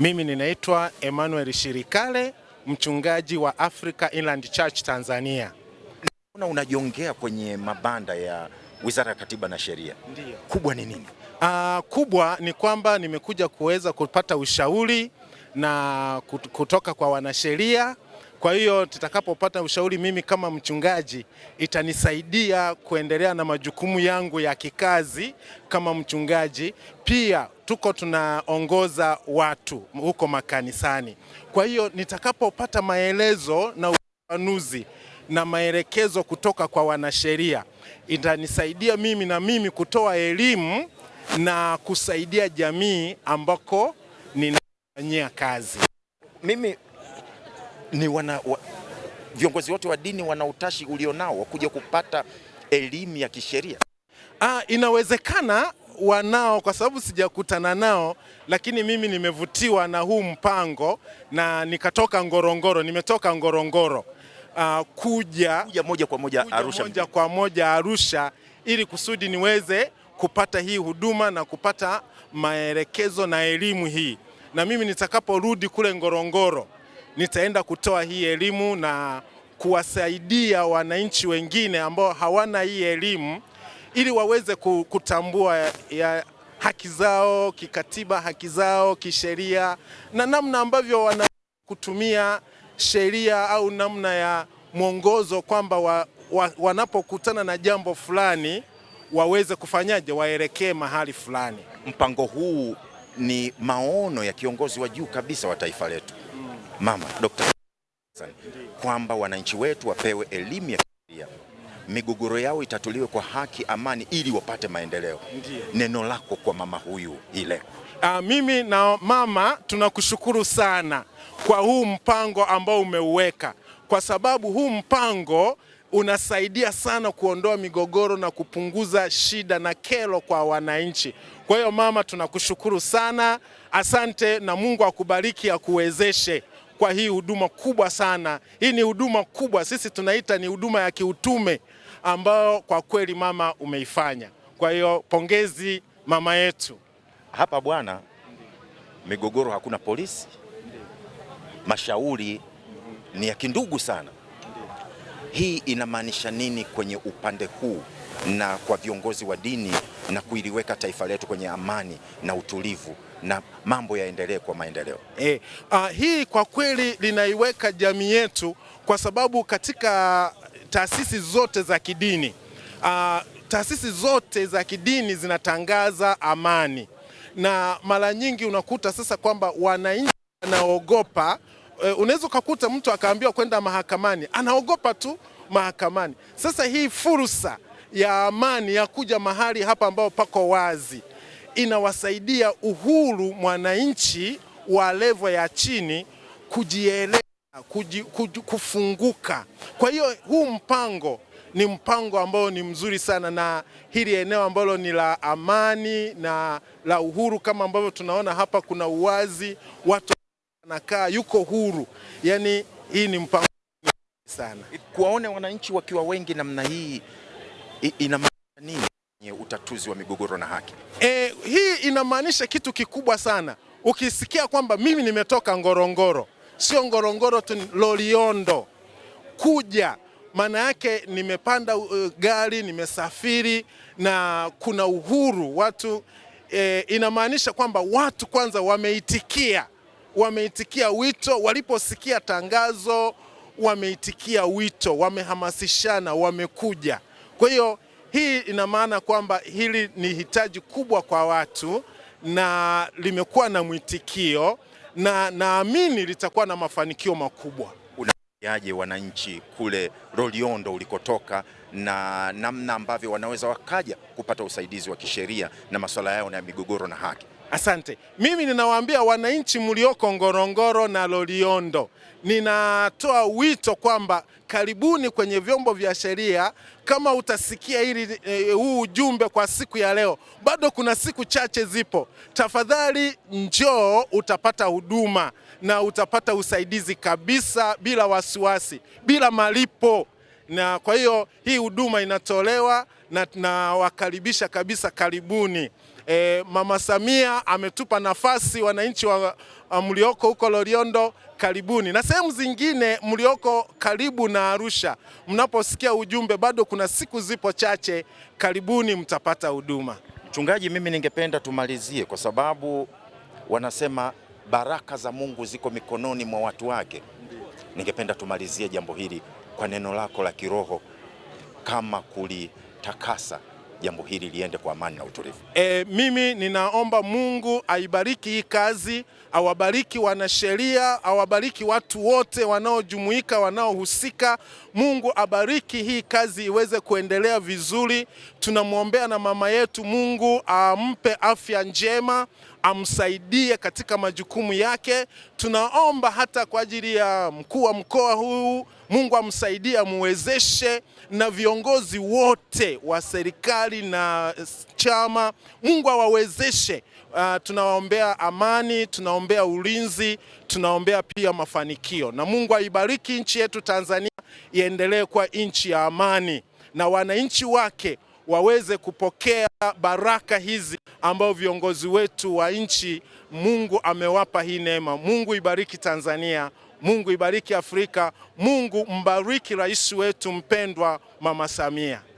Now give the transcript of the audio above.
Mimi ninaitwa Emmanuel Shirikale, mchungaji wa Africa Inland Church Tanzania. Una unajiongea kwenye mabanda ya Wizara ya Katiba na Sheria. Ndiyo. Kubwa ni nini? Uh, kubwa ni kwamba nimekuja kuweza kupata ushauri na kutoka kwa wanasheria kwa hiyo tutakapopata ushauri, mimi kama mchungaji, itanisaidia kuendelea na majukumu yangu ya kikazi kama mchungaji. Pia tuko tunaongoza watu huko makanisani. Kwa hiyo nitakapopata maelezo na ufafanuzi na maelekezo kutoka kwa wanasheria, itanisaidia mimi na mimi kutoa elimu na kusaidia jamii ambako ninafanyia kazi. Mimi ni wana, wa, viongozi wote wa dini wana utashi ulionao wa kuja kupata elimu ya kisheria. Ah, inawezekana wanao kwa sababu sijakutana nao, lakini mimi nimevutiwa na huu mpango na nikatoka Ngorongoro, nimetoka Ngorongoro uh, kuja, kuja moja kwa moja kuja Arusha, moja kwa moja Arusha ili kusudi niweze kupata hii huduma na kupata maelekezo na elimu hii, na mimi nitakaporudi kule Ngorongoro nitaenda kutoa hii elimu na kuwasaidia wananchi wengine ambao hawana hii elimu ili waweze kutambua ya, haki zao kikatiba, haki zao kisheria na namna ambavyo wana kutumia sheria au namna ya mwongozo kwamba wa, wa, wanapokutana na jambo fulani waweze kufanyaje, waelekee mahali fulani. Mpango huu ni maono ya kiongozi wa juu kabisa wa taifa letu mama Dr. Hassan kwamba wananchi wetu wapewe elimu ya kisheria, migogoro yao itatuliwe kwa haki, amani, ili wapate maendeleo. Neno lako kwa mama huyu ile. Uh, mimi na mama tunakushukuru sana kwa huu mpango ambao umeuweka, kwa sababu huu mpango unasaidia sana kuondoa migogoro na kupunguza shida na kero kwa wananchi. Kwa hiyo mama, tunakushukuru sana, asante, na Mungu akubariki akuwezeshe kwa hii huduma kubwa sana. Hii ni huduma kubwa, sisi tunaita ni huduma ya kiutume ambayo kwa kweli mama umeifanya. Kwa hiyo pongezi mama yetu. Hapa bwana, migogoro hakuna polisi, mashauri ni ya kindugu sana. Hii inamaanisha nini kwenye upande huu na kwa viongozi wa dini na kuiliweka taifa letu kwenye amani na utulivu? na mambo yaendelee kwa maendeleo. E, eh, a, ah, hii kwa kweli linaiweka jamii yetu kwa sababu katika taasisi zote za kidini a, ah, taasisi zote za kidini zinatangaza amani na mara nyingi unakuta sasa kwamba wananchi wanaogopa. E, unaweza ukakuta mtu akaambiwa kwenda mahakamani anaogopa tu mahakamani. Sasa hii fursa ya amani ya kuja mahali hapa ambao pako wazi inawasaidia uhuru mwananchi wa levo ya chini kujieleza, kuji, kuji, kufunguka. Kwa hiyo huu mpango ni mpango ambao ni mzuri sana, na hili eneo ambalo ni la amani na la uhuru, kama ambavyo tunaona hapa kuna uwazi, watu wanakaa, yuko huru. Yani hii ni mpango sana. Kuwaona wananchi wakiwa wengi namna hii ina maana nini? kwenye utatuzi wa migogoro na haki. E, hii inamaanisha kitu kikubwa sana. Ukisikia kwamba mimi nimetoka Ngorongoro, sio Ngorongoro tu, Loliondo kuja maana yake nimepanda uh, gari nimesafiri na kuna uhuru watu e, inamaanisha kwamba watu kwanza wameitikia, wameitikia wito, waliposikia tangazo wameitikia wito, wamehamasishana, wamekuja. Kwa hiyo hii ina maana kwamba hili ni hitaji kubwa kwa watu na limekuwa na mwitikio na naamini litakuwa na mafanikio makubwa. Unawaambiaje wananchi kule Loliondo ulikotoka na namna ambavyo wanaweza wakaja kupata usaidizi wa kisheria na masuala yao na migogoro na haki? Asante. Mimi ninawaambia wananchi mlioko Ngorongoro na Loliondo, ninatoa wito kwamba karibuni kwenye vyombo vya sheria. Kama utasikia hili e, huu ujumbe kwa siku ya leo, bado kuna siku chache zipo. Tafadhali njoo, utapata huduma na utapata usaidizi kabisa, bila wasiwasi, bila malipo. Na kwa hiyo hii huduma inatolewa na nawakaribisha kabisa, karibuni. E, Mama Samia ametupa nafasi wananchi wa mlioko huko Loliondo karibuni, na sehemu zingine mlioko karibu na Arusha, mnaposikia ujumbe bado kuna siku zipo chache, karibuni mtapata huduma. Mchungaji, mimi ningependa tumalizie kwa sababu wanasema baraka za Mungu ziko mikononi mwa watu wake. Ningependa tumalizie jambo hili kwa neno lako la kiroho kama kulitakasa jambo hili liende kwa amani na utulivu. E, mimi ninaomba Mungu aibariki hii kazi, awabariki wanasheria, awabariki watu wote wanaojumuika, wanaohusika. Mungu abariki hii kazi iweze kuendelea vizuri. Tunamwombea na mama yetu, Mungu ampe afya njema amsaidie katika majukumu yake. Tunaomba hata kwa ajili ya mkuu wa mkoa huu, Mungu amsaidie, amwezeshe na viongozi wote wa serikali na chama, Mungu awawezeshe. Uh, tunaombea amani, tunaombea ulinzi, tunaombea pia mafanikio, na Mungu aibariki nchi yetu Tanzania, iendelee kuwa nchi ya amani na wananchi wake waweze kupokea baraka hizi ambao viongozi wetu wa nchi, Mungu amewapa hii neema. Mungu ibariki Tanzania, Mungu ibariki Afrika, Mungu mbariki rais wetu mpendwa Mama Samia.